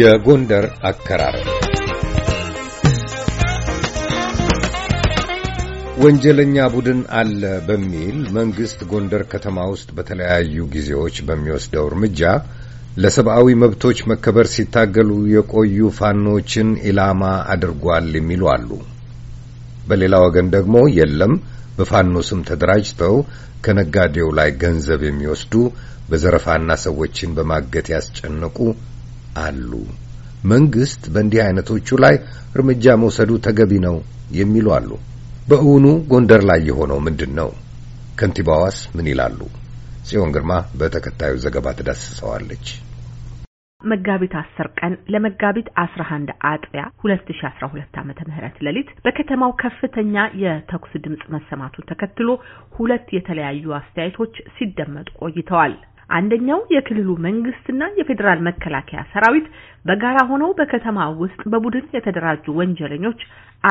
የጎንደር አከራረም ወንጀለኛ ቡድን አለ በሚል መንግሥት ጎንደር ከተማ ውስጥ በተለያዩ ጊዜዎች በሚወስደው እርምጃ ለሰብአዊ መብቶች መከበር ሲታገሉ የቆዩ ፋኖችን ኢላማ አድርጓል የሚሉ አሉ። በሌላ ወገን ደግሞ የለም በፋኖ ስም ተደራጅተው ከነጋዴው ላይ ገንዘብ የሚወስዱ በዘረፋና ሰዎችን በማገት ያስጨነቁ አሉ። መንግስት በእንዲህ አይነቶቹ ላይ እርምጃ መውሰዱ ተገቢ ነው የሚሉ አሉ። በእውኑ ጎንደር ላይ የሆነው ምንድን ነው? ከንቲባዋስ ምን ይላሉ? ጽዮን ግርማ በተከታዩ ዘገባ ትዳስሰዋለች። መጋቢት 10 ቀን ለመጋቢት 11 አጥቢያ 2012 ዓ.ም ሌሊት በከተማው ከፍተኛ የተኩስ ድምጽ መሰማቱን ተከትሎ ሁለት የተለያዩ አስተያየቶች ሲደመጡ ቆይተዋል። አንደኛው የክልሉ መንግስትና የፌዴራል መከላከያ ሰራዊት በጋራ ሆነው በከተማ ውስጥ በቡድን የተደራጁ ወንጀለኞች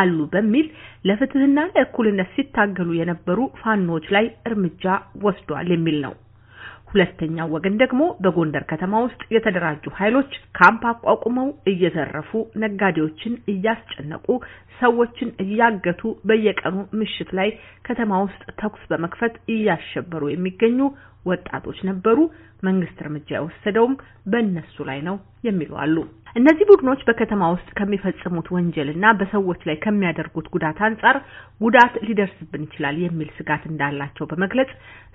አሉ በሚል ለፍትህና ለእኩልነት ሲታገሉ የነበሩ ፋኖች ላይ እርምጃ ወስዷል የሚል ነው። ሁለተኛው ወገን ደግሞ በጎንደር ከተማ ውስጥ የተደራጁ ኃይሎች ካምፕ አቋቁመው እየዘረፉ ነጋዴዎችን እያስጨነቁ ሰዎችን እያገቱ በየቀኑ ምሽት ላይ ከተማ ውስጥ ተኩስ በመክፈት እያሸበሩ የሚገኙ ወጣቶች ነበሩ። መንግስት እርምጃ የወሰደውም በእነሱ ላይ ነው የሚሉ አሉ። እነዚህ ቡድኖች በከተማ ውስጥ ከሚፈጽሙት ወንጀልና በሰዎች ላይ ከሚያደርጉት ጉዳት አንጻር ጉዳት ሊደርስብን ይችላል የሚል ስጋት እንዳላቸው በመግለጽ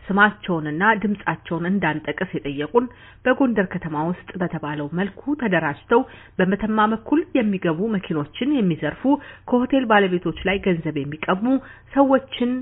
ስማቸውንና ድምጻቸውን እንዳንጠቅስ የጠየቁን በጎንደር ከተማ ውስጥ በተባለው መልኩ ተደራጅተው በመተማ በኩል የሚገቡ መኪኖችን የሚዘርፉ፣ ከሆቴል ባለቤቶች ላይ ገንዘብ የሚቀሙ ሰዎችን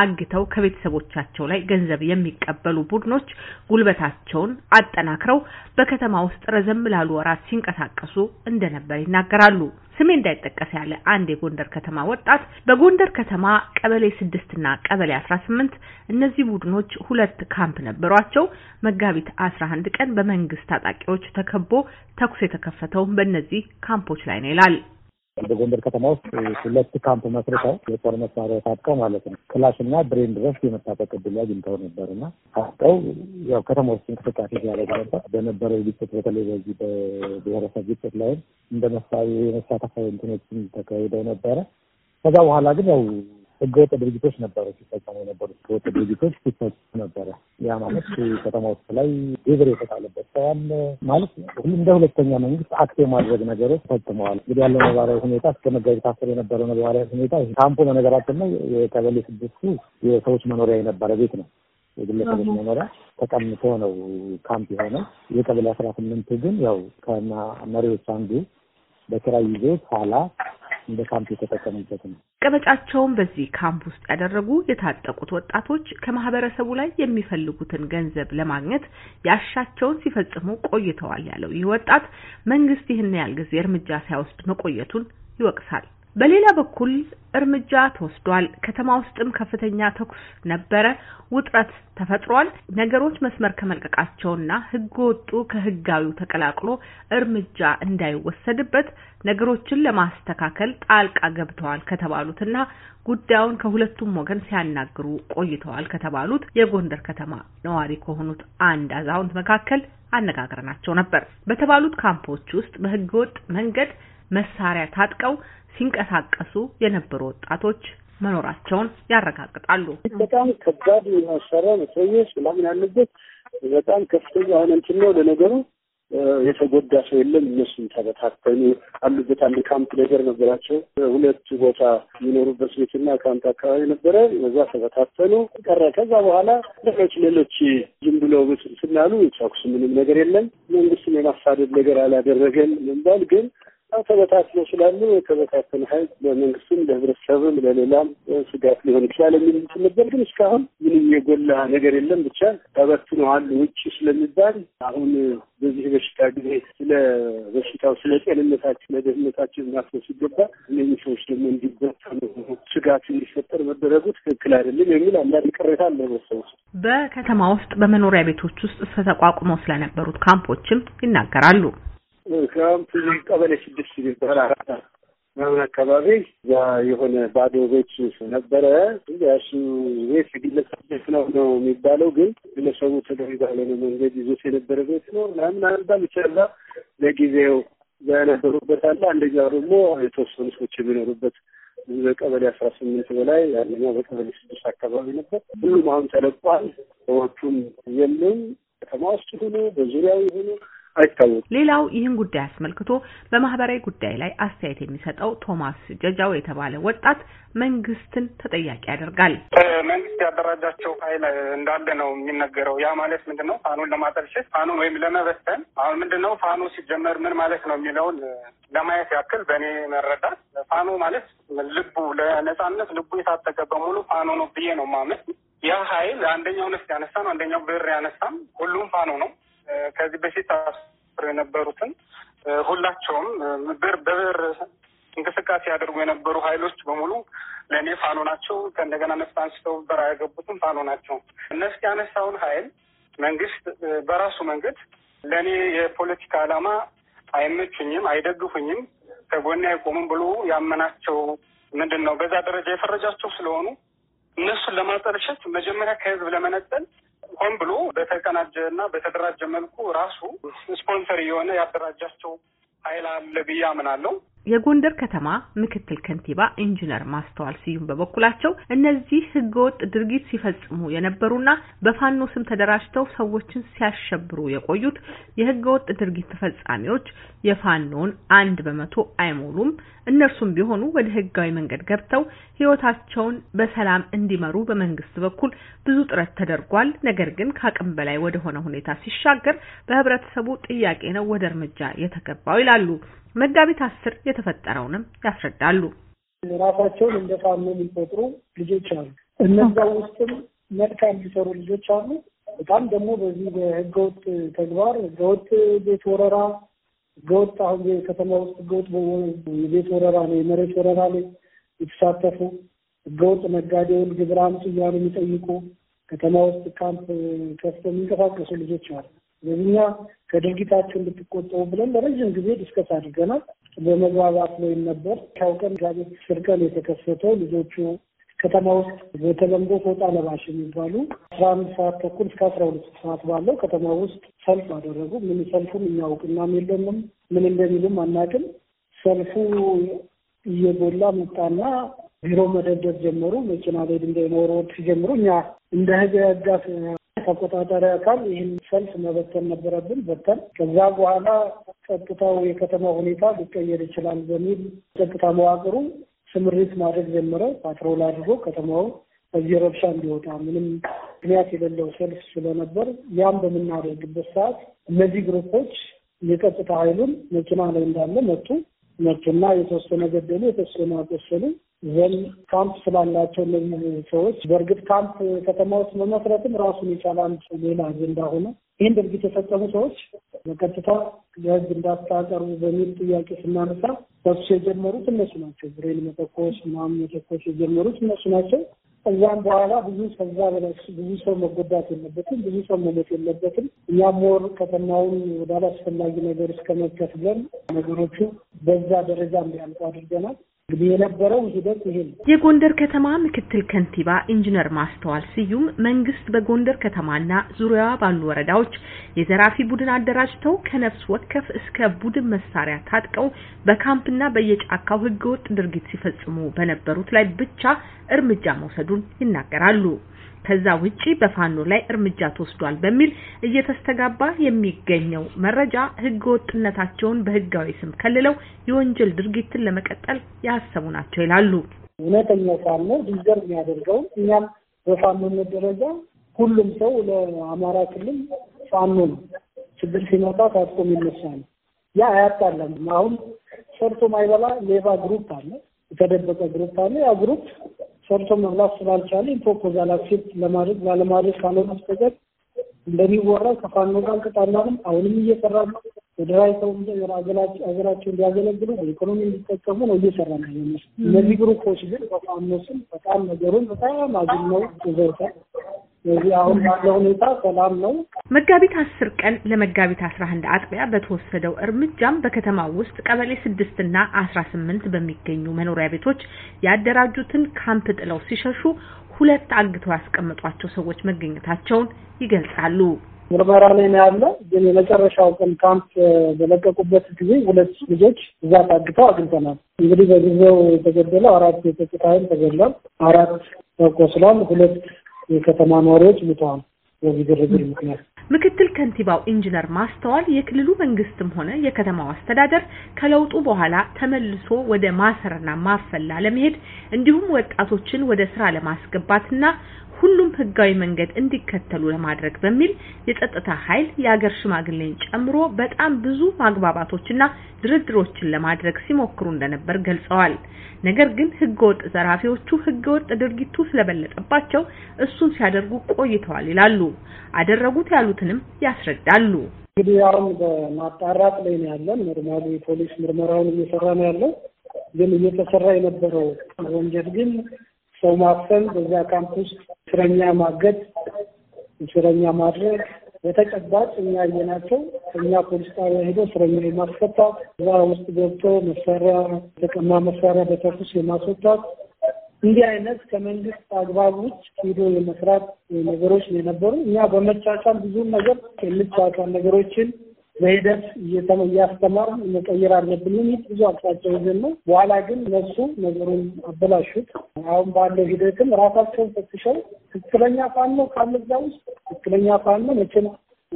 አግተው ከቤተሰቦቻቸው ላይ ገንዘብ የሚቀበሉ ቡድኖች ጉልበታቸውን አጠናክረው በከተማ ውስጥ ረዘም ላሉ ወራት ሲንቀሳቀሱ እንደነበር ይናገራሉ። ስሜ እንዳይጠቀስ ያለ አንድ የጎንደር ከተማ ወጣት በጎንደር ከተማ ቀበሌ ስድስት እና ቀበሌ አስራ ስምንት እነዚህ ቡድኖች ሁለት ካምፕ ነበሯቸው። መጋቢት አስራ አንድ ቀን በመንግስት ታጣቂዎች ተከቦ ተኩስ የተከፈተው በእነዚህ ካምፖች ላይ ነው ይላል። በጎንደር ከተማ ውስጥ ሁለት ካምፕ መስርተው የጦር መሳሪያ ታጥቀው ማለት ነው ክላሽ እና ብሬን ድረስ የመታጠቅ ዕድል አግኝተው ነበር እና ታጥቀው ያው ከተማ ውስጥ እንቅስቃሴ ሲያደርግ ነበር። በነበረው ግጭት በተለይ በዚህ በብሔረሰብ ግጭት ላይም እንደ መሳተፍ እንትኖችም ተካሂደው ነበረ። ከዛ በኋላ ግን ያው ህገወጥ ድርጅቶች ነበሩ ሲፈጸሙ የነበሩት ህገወጥ ድርጅቶች ሲፈጸሙ ነበረ። ያ ማለት ከተማ ውስጥ ላይ ግብር የተጣለበት ሰዋል ማለት ነው። እንደ ሁለተኛ መንግስት አክት የማድረግ ነገሮች ፈጽመዋል። እንግዲህ ያለው ነባራዊ ሁኔታ እስከ መጋቢት አስር የነበረው ነባራዊ ሁኔታ ካምፖ በነገራችን ነው የቀበሌ ስድስቱ የሰዎች መኖሪያ የነበረ ቤት ነው የግለሰቦች መኖሪያ ተቀምቶ ነው ካምፕ የሆነው። የቀበሌ አስራ ስምንት ግን ያው ከመሪዎች አንዱ በኪራይ ይዞ ኋላ እንደ ካምፕ የተጠቀሙበት ነው። ቀበጫቸውን በዚህ ካምፕ ውስጥ ያደረጉ የታጠቁት ወጣቶች ከማህበረሰቡ ላይ የሚፈልጉትን ገንዘብ ለማግኘት ያሻቸውን ሲፈጽሙ ቆይተዋል ያለው ይህ ወጣት መንግስት ይህን ያህል ጊዜ እርምጃ ሳይወስድ መቆየቱን ይወቅሳል። በሌላ በኩል እርምጃ ተወስዷል። ከተማ ውስጥም ከፍተኛ ተኩስ ነበረ፣ ውጥረት ተፈጥሯል። ነገሮች መስመር ከመልቀቃቸውና ሕገ ወጡ ከህጋዊው ተቀላቅሎ እርምጃ እንዳይወሰድበት ነገሮችን ለማስተካከል ጣልቃ ገብተዋል ከተባሉትና ጉዳዩን ከሁለቱም ወገን ሲያናግሩ ቆይተዋል ከተባሉት የጎንደር ከተማ ነዋሪ ከሆኑት አንድ አዛውንት መካከል አነጋግረናቸው ነበር። በተባሉት ካምፖች ውስጥ በህገወጥ ወጥ መንገድ መሳሪያ ታጥቀው ሲንቀሳቀሱ የነበሩ ወጣቶች መኖራቸውን ያረጋግጣሉ። በጣም ከባድ መሳሪያ መትረየስ ምናምን ያለበት በጣም ከፍተኛ የሆነ እንትን ነው። ለነገሩ የተጎዳ ሰው የለም። እነሱም ተበታተኑ አሉበት። አንድ ካምፕ ነገር ነበራቸው። ሁለት ቦታ የሚኖሩበት ቤትና ካምፕ አካባቢ ነበረ። በዛ ተበታተኑ ቀረ። ከዛ በኋላ ሌሎች ሌሎች ዝም ብለው ስናሉ ተኩስ ምንም ነገር የለም። መንግስትም የማሳደድ ነገር አላደረገም ምንባል ግን በጣም ተበታትኖ ስላሉ የተበታተነ ኃይል ለመንግስትም ለህብረተሰብም ለሌላም ስጋት ሊሆን ይችላል የሚል ነበር። ግን እስካሁን ምንም የጎላ ነገር የለም። ብቻ ተበትነዋል ውጭ ስለሚባል አሁን በዚህ በሽታ ጊዜ ስለ በሽታው፣ ስለ ጤንነታችን ለደህንነታችን ደህንነታቸው ሲገባ እነዚህ ሰዎች ደግሞ እንዲበተኑ ስጋት እንዲፈጠር መደረጉ ትክክል አይደለም የሚል አንዳንድ ቅሬታ አለ። በሰዎች በከተማ ውስጥ በመኖሪያ ቤቶች ውስጥ ተቋቁመው ስለነበሩት ካምፖችም ይናገራሉ። ምክንያቱም ትዝ ቀበሌ ስድስት የሚባል አራት ምናምን አካባቢ እዛ የሆነ ባዶ ቤት ነበረ። ያሱ ቤት የግለሰብ ቤት ነው ነው የሚባለው፣ ግን ግለሰቡ ተደሪ ነው መንገድ ይዞት የነበረ ቤት ነው ምናምን አልባል ይቻላ ለጊዜው የነበሩበት አለ። አንደኛው ደግሞ የተወሰኑ ሰዎች የሚኖሩበት በቀበሌ አስራ ስምንት በላይ ያለኛው በቀበሌ ስድስት አካባቢ ነበር። ሁሉም አሁን ተለቋል። ሰዎቹም የሉም። ከተማ ውስጥ ይሁኑ በዙሪያው ይሁኑ አይታወቅም። ሌላው ይህን ጉዳይ አስመልክቶ በማህበራዊ ጉዳይ ላይ አስተያየት የሚሰጠው ቶማስ ጀጃው የተባለ ወጣት መንግስትን ተጠያቂ ያደርጋል። መንግስት ያደራጃቸው ኃይል እንዳለ ነው የሚነገረው። ያ ማለት ምንድን ነው? ፋኖን ለማጠልሸት ፋኖን ወይም ለመበተን። አሁን ምንድን ነው ፋኖ ሲጀመር ምን ማለት ነው የሚለውን ለማየት ያክል በእኔ መረዳት ፋኖ ማለት ልቡ ለነጻነት ልቡ የታጠቀ በሙሉ ፋኖ ነው ብዬ ነው ማመት። ያ ኃይል አንደኛው ነፍስ ያነሳም፣ አንደኛው ብር ያነሳም፣ ሁሉም ፋኖ ነው። ከዚህ በፊት አስሩ የነበሩትን ሁላቸውም ብር በብር እንቅስቃሴ ያደርጉ የነበሩ ኃይሎች በሙሉ ለእኔ ፋኖ ናቸው። ከእንደገና ነፍስ አንስተው በራ ያገቡትም ፋኖ ናቸው። ነፍስ ያነሳውን ኃይል መንግስት በራሱ መንገድ ለእኔ የፖለቲካ ዓላማ አይመቹኝም፣ አይደግፉኝም፣ ከጎኔ አይቆሙም ብሎ ያመናቸው ምንድን ነው በዛ ደረጃ የፈረጃቸው ስለሆኑ እነሱን ለማጠልሸት መጀመሪያ ከህዝብ ለመነጠል ሆን ብሎ በተቀናጀ እና በተደራጀ መልኩ ራሱ ስፖንሰር የሆነ ያደራጃቸው ኃይል አለ ብዬ አምናለሁ። የጎንደር ከተማ ምክትል ከንቲባ ኢንጂነር ማስተዋል ስዩም በበኩላቸው እነዚህ ህገወጥ ድርጊት ሲፈጽሙ የነበሩና በፋኖ ስም ተደራጅተው ሰዎችን ሲያሸብሩ የቆዩት የህገወጥ ድርጊት ፈጻሚዎች የፋኖን አንድ በመቶ አይሞሉም፣ እነርሱም ቢሆኑ ወደ ህጋዊ መንገድ ገብተው ህይወታቸውን በሰላም እንዲመሩ በመንግስት በኩል ብዙ ጥረት ተደርጓል። ነገር ግን ከአቅም በላይ ወደ ሆነ ሁኔታ ሲሻገር በህብረተሰቡ ጥያቄ ነው ወደ እርምጃ የተገባው ይላሉ። መጋቢት አስር የተፈጠረውንም ያስረዳሉ። ራሳቸውን እንደ ፋኖ የሚቆጥሩ ልጆች አሉ። እነዛ ውስጥም መልካም የሚሰሩ ልጆች አሉ። በጣም ደግሞ በዚህ በህገወጥ ተግባር ህገወጥ ቤት ወረራ ህገወጥ አሁን የከተማ ውስጥ ህገወጥ የቤት ወረራ ነው፣ የመሬት ወረራ ላይ የተሳተፉ ህገወጥ ነጋዴውን ግብር አምጡ እያሉ የሚጠይቁ ከተማ ውስጥ ካምፕ ከፍቶ የሚንቀሳቀሱ ልጆች አሉ። ስለዚህ እኛ ከድርጊታቸው እንድትቆጠቡ ብለን ለረዥም ጊዜ ዲስከስ አድርገናል። በመግባባት ላይ ነበር። ታውቀን ጋዜት ስርቀን የተከሰተው ልጆቹ ከተማ ውስጥ በተለምዶ ፎጣ ለባሽ የሚባሉ አስራ አንድ ሰዓት ተኩል እስከ አስራ ሁለት ሰዓት ባለው ከተማ ውስጥ ሰልፍ አደረጉ። ምን ሰልፉን እኛ እውቅናም የለንም፣ ምን እንደሚሉም አናውቅም። ሰልፉ እየጎላ መጣና ቢሮ መደብደብ ጀመሩ። መኪና ላይ ድንጋይ መወርወር ሲጀምሩ እኛ እንደ ህገ ህጋት ተቆጣጣሪ አካል ይህን ሰልፍ መበተን ነበረብን። በተን ከዛ በኋላ ጸጥታው የከተማ ሁኔታ ሊቀየር ይችላል በሚል ጸጥታ መዋቅሩ ስምሪት ማድረግ ጀምረ ፓትሮል አድርጎ ከተማው በዚህ ረብሻ እንዲወጣ ምንም ምክንያት የሌለው ሰልፍ ስለነበር ያም በምናደርግበት ሰዓት እነዚህ ግሩፖች የጸጥታ ኃይሉን መኪና ላይ እንዳለ መጡ መጡና የተወሰነ ገደሉ፣ የተወሰነ አቆሰሉ። ዘን ካምፕ ስላላቸው እነዚህ ሰዎች በእርግጥ ካምፕ ከተማ ውስጥ መመስረትም ራሱን የቻለ ሌላ አጀንዳ ሆነ። ይህን ድርጊት የፈጸሙ ሰዎች በቀጥታ ለሕግ እንዳታቀርቡ በሚል ጥያቄ ስናነሳ በሱ የጀመሩት እነሱ ናቸው። ብሬል መተኮስ ምናምን መተኮስ የጀመሩት እነሱ ናቸው። እዛም በኋላ ብዙ ከዛ በላይ ብዙ ሰው መጎዳት የለበትም፣ ብዙ ሰው መሞት የለበትም። እኛም ወር ከተማውን ወደ አላስፈላጊ ነገር እስከመከት ብለን ነገሮቹ በዛ ደረጃ እንዲያልቁ አድርገናል። የነበረው ሂደት ይሄ ነው። የጎንደር ከተማ ምክትል ከንቲባ ኢንጂነር ማስተዋል ስዩም መንግስት በጎንደር ከተማና ዙሪያዋ ባሉ ወረዳዎች የዘራፊ ቡድን አደራጅተው ከነፍስ ወከፍ እስከ ቡድን መሳሪያ ታጥቀው በካምፕና በየጫካው ህገወጥ ድርጊት ሲፈጽሙ በነበሩት ላይ ብቻ እርምጃ መውሰዱን ይናገራሉ። ከዛ ውጪ በፋኖ ላይ እርምጃ ተወስዷል በሚል እየተስተጋባ የሚገኘው መረጃ ህገ ወጥነታቸውን በህጋዊ ስም ከልለው የወንጀል ድርጊትን ለመቀጠል ያሰቡ ናቸው ይላሉ። እውነተኛ ፋኖ ዲዘር የሚያደርገውን እኛም በፋኖነት ደረጃ ሁሉም ሰው ለአማራ ክልል ፋኖ ነው። ችግር ሲመጣ ታጥቆ የሚነሳ ነው። ያ አያጣለም። አሁን ሰርቶ ማይበላ ሌባ ግሩፕ አለ፣ የተደበቀ ግሩፕ አለ። ያ ግሩፕ ሰርቶ መብላት ስላልቻለ ፕሮፖዛል አክሴፕት ለማድረግ ላለማድረግ ካልሆነ በስተቀር እንደሚወራው ከፋኖ ጋር አልተጣላንም። አሁንም እየሰራ ነው። ተደራጅተው ሀገራቸው እንዲያገለግሉ በኢኮኖሚ እንዲጠቀሙ ነው እየሰራ ነው። እነዚህ ግሩፖች ግን በፋኖ ስም በጣም ነገሩን በጣም አግነው ዘርታል። ስለዚህ አሁን ያለው ሁኔታ ሰላም ነው። መጋቢት አስር ቀን ለመጋቢት አስራ አንድ አጥቢያ በተወሰደው እርምጃም በከተማ ውስጥ ቀበሌ ስድስት እና አስራ ስምንት በሚገኙ መኖሪያ ቤቶች ያደራጁትን ካምፕ ጥለው ሲሸሹ ሁለት አግተው ያስቀመጧቸው ሰዎች መገኘታቸውን ይገልጻሉ። ምርመራ ላይ ነው ያለ። ግን የመጨረሻው ቀን ካምፕ በለቀቁበት ጊዜ ሁለት ልጆች እዛ ታግተው አግኝተናል። እንግዲህ በጊዜው የተገደለው አራት የተጭታይል ተገድሏል፣ አራት ተቆስሏል፣ ሁለት የከተማ ነዋሪዎች ምተዋል በዚህ ግርግር ምክንያት ምክትል ከንቲባው ኢንጂነር ማስተዋል የክልሉ መንግስትም ሆነ የከተማው አስተዳደር ከለውጡ በኋላ ተመልሶ ወደ ማሰርና ማፈላ ለመሄድ እንዲሁም ወጣቶችን ወደ ስራ ለማስገባትና ሁሉም ህጋዊ መንገድ እንዲከተሉ ለማድረግ በሚል የጸጥታ ኃይል የአገር ሽማግሌን ጨምሮ በጣም ብዙ ማግባባቶችና ድርድሮችን ለማድረግ ሲሞክሩ እንደነበር ገልጸዋል። ነገር ግን ህገወጥ ዘራፊዎቹ ህገወጥ ድርጊቱ ስለበለጠባቸው እሱን ሲያደርጉ ቆይተዋል ይላሉ። አደረጉት ያሉትንም ያስረዳሉ። እንግዲህ አሁን በማጣራት ላይ ነው ያለን። ኖርማሊ ፖሊስ ምርመራውን እየሰራ ነው ያለው። ግን እየተሰራ የነበረው ወንጀል ግን ሰው ማፈን፣ በዛ ካምፕ ውስጥ እስረኛ ማገድ፣ እስረኛ ማድረግ በተጨባጭ እኛ ያየናቸው እኛ ፖሊስ ጣቢያ ሄዶ እስረኛ የማስፈታት እዛ ውስጥ ገብቶ መሳሪያ የተቀማ መሳሪያ በተኩስ የማስወጣት እንዲህ አይነት ከመንግስት አግባብ ውጭ ሂዶ የመስራት ነገሮች ነው የነበሩ። እኛ በመቻቻል ብዙም ነገር የምቻቻል ነገሮችን በሂደት እያስተማር መቀየር አለብን የሚል ብዙ አቅጣጫ ይዘን ነው። በኋላ ግን እነሱ ነገሩን አበላሹት። አሁን ባለው ሂደትም ራሳቸውን ፈትሸው ትክክለኛ ፋኖ ካለ እዛ ውስጥ ትክክለኛ ፋኖ መቼም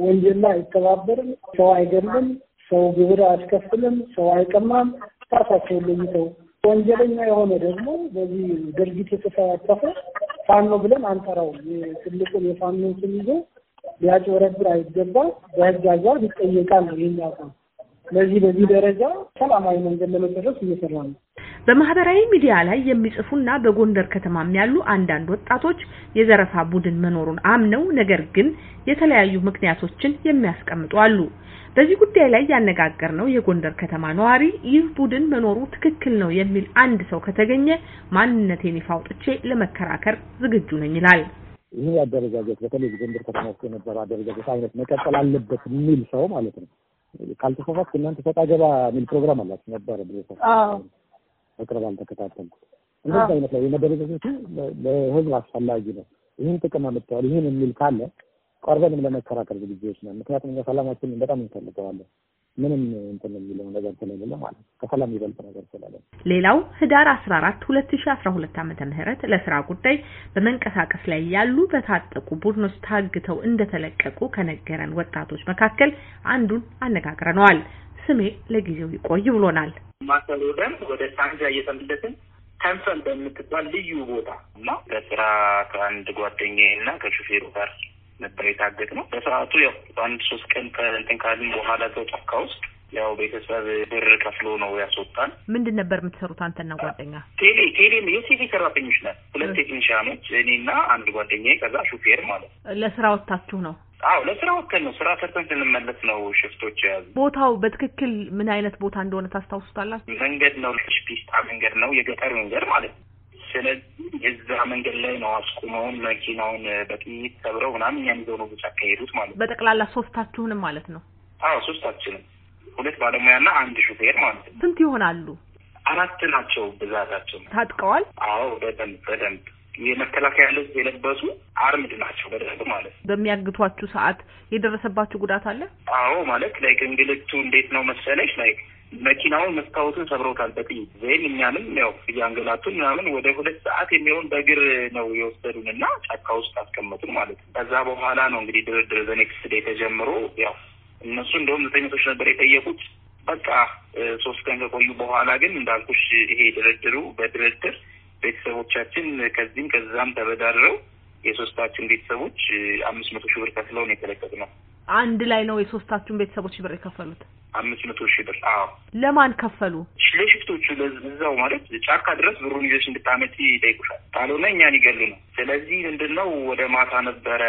ወንጀል አይተባበርም፣ ሰው አይገልም፣ ሰው ግብር አያስከፍልም፣ ሰው አይቀማም። ራሳቸውን ለይተው ወንጀለኛ የሆነ ደግሞ በዚህ ድርጊት የተሳተፈ ፋኖ ብለን አንጠራውም። ትልቁን የፋኖ ስም ይዞ ሊያጭበረብር አይገባም፣ በህግ አግባብ ይጠየቃል ነው የሚያውቀው። ስለዚህ በዚህ ደረጃ ሰላማዊ መንገድ ለመጨረስ እየሰራ ነው። በማህበራዊ ሚዲያ ላይ የሚጽፉና በጎንደር ከተማም ያሉ አንዳንድ ወጣቶች የዘረፋ ቡድን መኖሩን አምነው ነገር ግን የተለያዩ ምክንያቶችን የሚያስቀምጡ አሉ። በዚህ ጉዳይ ላይ ነው የጎንደር ከተማ ነዋሪ ይህ ቡድን መኖሩ ትክክል ነው የሚል አንድ ሰው ከተገኘ ማንነቴን ይፋ አውጥቼ ለመከራከር ዝግጁ ነኝ ይላል። ይህ አደረጃጀት በተለይ በጎንደር ከተማ ውስጥ የነበረ አደረጃጀት አይነት መቀጠል አለበት የሚል ሰው ማለት ነው። ካልተፈፋት እናንተ ሰጣ ገባ የሚል ፕሮግራም አላችሁ ነበረ ብሎሰ በቅርብ አልተከታተልኩት። እንደዚህ አይነት ላይ የመደረጃጀቱ ለህዝብ አስፈላጊ ነው፣ ይህን ጥቅም አመጥተዋል ይህን የሚል ካለ ቀርበንም ለመከራከር ዝግጅዎች ነው። ምክንያቱም እኛ ሰላማችንን በጣም እንፈልገዋለን። ምንም እንትን የሚለው ነገር ስለሌለ ማለት ነው። ከሰላም ይበልጥ ነገር ስለሌለ ሌላው ህዳር አስራ አራት ሁለት ሺ አስራ ሁለት አመተ ምህረት ለስራ ጉዳይ በመንቀሳቀስ ላይ ያሉ በታጠቁ ቡድኖች ታግተው እንደተለቀቁ ከነገረን ወጣቶች መካከል አንዱን አነጋግረነዋል። ስሜ ለጊዜው ይቆይ ብሎናል። ማሰል ወደ ሳንጃ እየተመለስን ከንፈል በምትባል ልዩ ቦታ እና ከስራ ከአንድ ጓደኛዬ እና ከሹፌሩ ጋር ነበር የታገት ነው። በሰዓቱ ያው በአንድ ሶስት ቀን ከእንትን ካልን በኋላ ጫካ ውስጥ ያው ቤተሰብ ብር ከፍሎ ነው ያስወጣል። ምንድን ነበር የምትሰሩት አንተና ጓደኛ? ቴሌ ቴሌ የቴሌ ሰራተኞች ነን። ሁለት ቴክኒሽያኖች እኔና አንድ ጓደኛ፣ ከዛ ሹፌር ማለት ለስራ ወጥታችሁ ነው? አዎ ለስራ ወጥተን ነው። ስራ ሰርተን ስንመለስ ነው ሽፍቶች የያዙ። ቦታው በትክክል ምን አይነት ቦታ እንደሆነ ታስታውሱታላችሁ? መንገድ ነው፣ ሽፒስታ መንገድ ነው፣ የገጠር መንገድ ማለት ነው። ስለዚህ እዛ መንገድ ላይ ነው አስቁመውን መኪናውን በጥይት ሰብረው ምናምን እኛን ይዘው ነው ብቻ አካሄዱት ማለት ነው። በጠቅላላ ሶስታችሁንም ማለት ነው? አዎ ሶስታችንም፣ ሁለት ባለሙያና አንድ ሹፌር ማለት ነው። ስንት ይሆናሉ? አራት ናቸው ብዛታቸው። ታጥቀዋል? አዎ በደንብ በደንብ የመከላከያ ልብስ የለበሱ አርምድ ናቸው በደንብ ማለት ነው። በሚያግቷችሁ ሰዓት የደረሰባችሁ ጉዳት አለ? አዎ ማለት ላይክ እንግልቱ እንዴት ነው መሰለሽ ላይክ መኪናውን መስታወቱን ሰብረውታል በጥይት ዜን እኛንም ያው እያንገላቱን ምናምን ወደ ሁለት ሰዓት የሚሆን በእግር ነው የወሰዱን እና ጫካ ውስጥ አስቀመጡን ማለት ነው። ከዛ በኋላ ነው እንግዲህ ድርድር በኔክስት ዴይ ተጀምሮ ያው እነሱ እንደውም ዘጠኝ መቶች ነበር የጠየቁት። በቃ ሶስት ቀን ከቆዩ በኋላ ግን እንዳልኩሽ ይሄ ድርድሩ በድርድር ቤተሰቦቻችን ከዚህም ከዛም ተበዳድረው የሶስታችን ቤተሰቦች አምስት መቶ ሺህ ብር ከፍለውን የተለቀቅ ነው። አንድ ላይ ነው የሶስታችሁን ቤተሰቦች ብር የከፈሉት? አምስት መቶ ሺህ ብር አዎ ለማን ከፈሉ ለሽፍቶቹ እዛው ማለት ጫካ ድረስ ብሩን ይዘሽ እንድታመጪ ይጠይቁሻል ካልሆነ እኛን ይገሉ ነው ስለዚህ ምንድን ነው ወደ ማታ ነበረ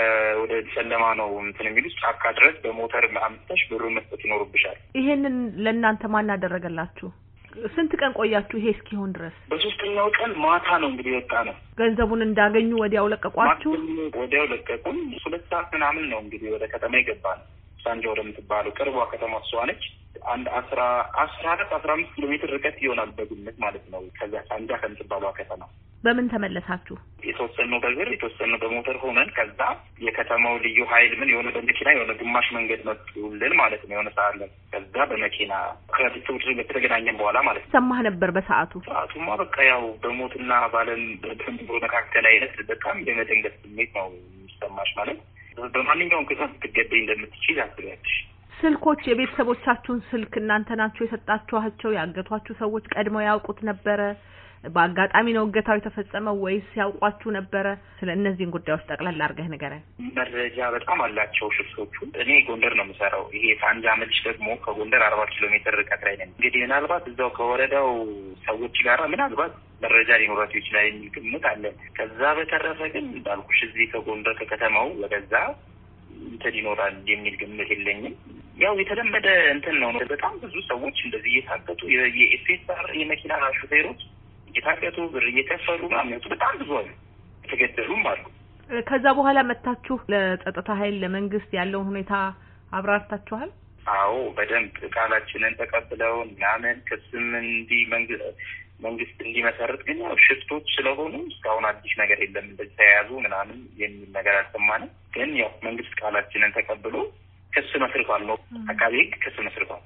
ወደ ጨለማ ነው እንትን የሚሉት ጫካ ድረስ በሞተር አምጥተሽ ብሩን መስጠት ይኖሩብሻል። ይሄንን ለእናንተ ማን አደረገላችሁ ስንት ቀን ቆያችሁ ይሄ እስኪሆን ድረስ? በሶስተኛው ቀን ማታ ነው እንግዲህ የወጣ ነው። ገንዘቡን እንዳገኙ ወዲያው ለቀቋችሁ? ወዲያው ለቀቁን። ሁለት ሰዓት ምናምን ነው እንግዲህ ወደ ከተማ የገባ ነው። ሳንጃ ወደምትባለው ቅርቧ ከተማ እሷ ነች። አንድ አስራ አስራ አራት አስራ አምስት ኪሎ ሜትር ርቀት ይሆናል በግምት ማለት ነው። ከዚያ ሳንጃ ከምትባለዋ ከተማ በምን ተመለሳችሁ? የተወሰነው በእግር የተወሰነው በሞተር ሆነን ከዛ የከተማው ልዩ ኃይል ምን የሆነ በመኪና የሆነ ግማሽ መንገድ መጡልን ማለት ነው። የሆነ ሰዓት ከዛ በመኪና ከቤተሰቦች በተገናኘን በኋላ ማለት ነው። ሰማህ ነበር በሰዓቱ ሰዓቱማ በቃ ያው በሞትና ባለን በምሮ መካከል አይነት በጣም የመደንገጥ ስሜት ነው የሚሰማሽ ማለት በማንኛውም ቅጽበት ልትገደይ እንደምትችል አስቢያለሽ። ስልኮች የቤተሰቦቻችሁን ስልክ እናንተ ናችሁ የሰጣችኋቸው? ያገቷችሁ ሰዎች ቀድመው ያውቁት ነበረ? በአጋጣሚ ነው እገታው የተፈጸመው ወይስ ያውቋችሁ ነበረ? ስለ እነዚህን ጉዳዮች ጠቅለል አድርገህ ንገረን። መረጃ በጣም አላቸው ሽፍቶቹ። እኔ ጎንደር ነው የምሰራው። ይሄ ፋንጃ መልሽ ደግሞ ከጎንደር አርባ ኪሎ ሜትር ርቀት ላይ ነን። እንግዲህ ምናልባት እዛው ከወረዳው ሰዎች ጋር ምናልባት መረጃ ሊኖራቸው ይችላል የሚል ግምት አለን። ከዛ በተረፈ ግን እንዳልኩሽ እዚህ ከጎንደር ከከተማው ወደዛ እንትን ይኖራል የሚል ግምት የለኝም። ያው የተለመደ እንትን ነው። በጣም ብዙ ሰዎች እንደዚህ እየታገቱ የኤፌስታር የመኪና ሹፌሮች እየታገቱ ብር እየከፈሉ ማምነቱ በጣም ብዙ አሉ፣ የተገደሉም አሉ። ከዛ በኋላ መታችሁ ለጸጥታ ኃይል ለመንግስት ያለውን ሁኔታ አብራርታችኋል? አዎ በደንብ ቃላችንን ተቀብለው ምናምን ክስም እንዲ መንግስት እንዲመሰርት ግን ያው ሽፍቶች ስለሆኑ እስካሁን አዲስ ነገር የለም እንደዚህ ተያያዙ ምናምን የሚል ነገር አልሰማንም። ግን ያው መንግስት ቃላችንን ተቀብሎ ክስ መስርቷል ነው አካባቢ ክስ መስርቷል።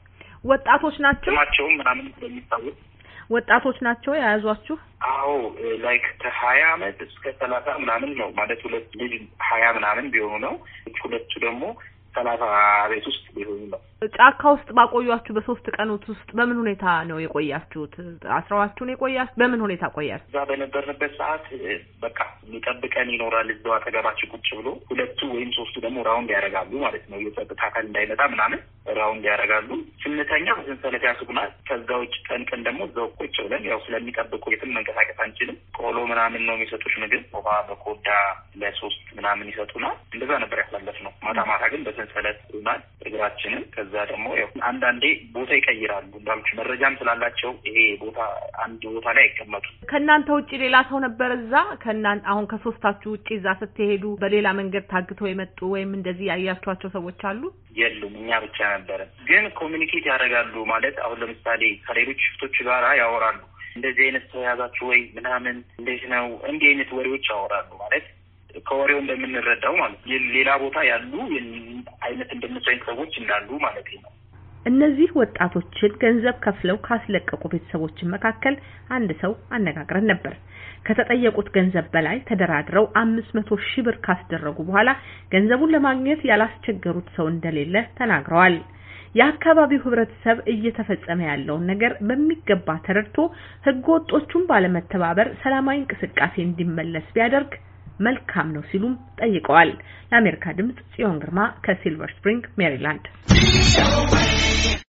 ወጣቶች ናቸው ስማቸውም ምናምን ስለሚታወቅ ወጣቶች ናቸው የያዟችሁ? አዎ ላይክ ከሀያ አመት እስከ ሰላሳ ምናምን ነው ማለት ሁለት ልጅ ሀያ ምናምን ቢሆኑ ነው። ሁለቱ ደግሞ ሰላሳ ቤት ውስጥ ቢሆኑ ነው። ጫካ ውስጥ ባቆያችሁ በሶስት ቀኖት ውስጥ በምን ሁኔታ ነው የቆያችሁት? አስራዋችሁን የቆያችሁ በምን ሁኔታ ቆያችሁ? እዛ በነበርንበት ሰዓት በቃ የሚጠብቀን ይኖራል እዛው አጠገባችሁ ቁጭ ብሎ ሁለቱ ወይም ሶስቱ ደግሞ ራውንድ ያደርጋሉ ማለት ነው። የጸጥታ አካል እንዳይመጣ ምናምን ራውንድ ያደርጋሉ። ስንተኛ በሰንሰለት ያስጉናል። ከዛ ውጭ ቀን ቀን ደግሞ እዛው ቁጭ ብለን ያው ስለሚጠብቁ የትም መንቀሳቀስ አንችልም። ቆሎ ምናምን ነው የሚሰጡሽ ምግብ፣ ውሃ በኮዳ ለሶስት ምናምን ይሰጡናል። እንደዛ ነበር ያሳለፍነው። ማታ ማታ ግን በሰንሰለት ይሆናል እግራችንን ከዛ እዛ ደግሞ አንዳንዴ ቦታ ይቀይራሉ እንዳልኩ መረጃም ስላላቸው ይሄ ቦታ አንድ ቦታ ላይ አይቀመጡ። ከእናንተ ውጭ ሌላ ሰው ነበር እዛ ከእናን አሁን ከሶስታችሁ ውጭ እዛ ስትሄዱ በሌላ መንገድ ታግተው የመጡ ወይም እንደዚህ ያያችኋቸው ሰዎች አሉ? የሉም። እኛ ብቻ ነበረ። ግን ኮሚኒኬት ያደርጋሉ ማለት አሁን ለምሳሌ ከሌሎች ሽፍቶች ጋር ያወራሉ። እንደዚህ አይነት ሰው ወይ ምናምን እንዴት ነው እንዲህ አይነት ወሬዎች ያወራሉ ማለት ከወሬው እንደምንረዳው ማለት ሌላ ቦታ ያሉ አይነት እንደምትሰኝ ሰዎች እንዳሉ ማለት ነው። እነዚህ ወጣቶችን ገንዘብ ከፍለው ካስለቀቁ ቤተሰቦችን መካከል አንድ ሰው አነጋግረን ነበር። ከተጠየቁት ገንዘብ በላይ ተደራድረው አምስት መቶ ሺህ ብር ካስደረጉ በኋላ ገንዘቡን ለማግኘት ያላስቸገሩት ሰው እንደሌለ ተናግረዋል። የአካባቢው ህብረተሰብ እየተፈጸመ ያለውን ነገር በሚገባ ተረድቶ ህገወጦቹን ወጦቹን ባለመተባበር ሰላማዊ እንቅስቃሴ እንዲመለስ ቢያደርግ መልካም ነው ሲሉም ጠይቀዋል። ለአሜሪካ ድምጽ ጽዮን ግርማ ከሲልቨር ስፕሪንግ ሜሪላንድ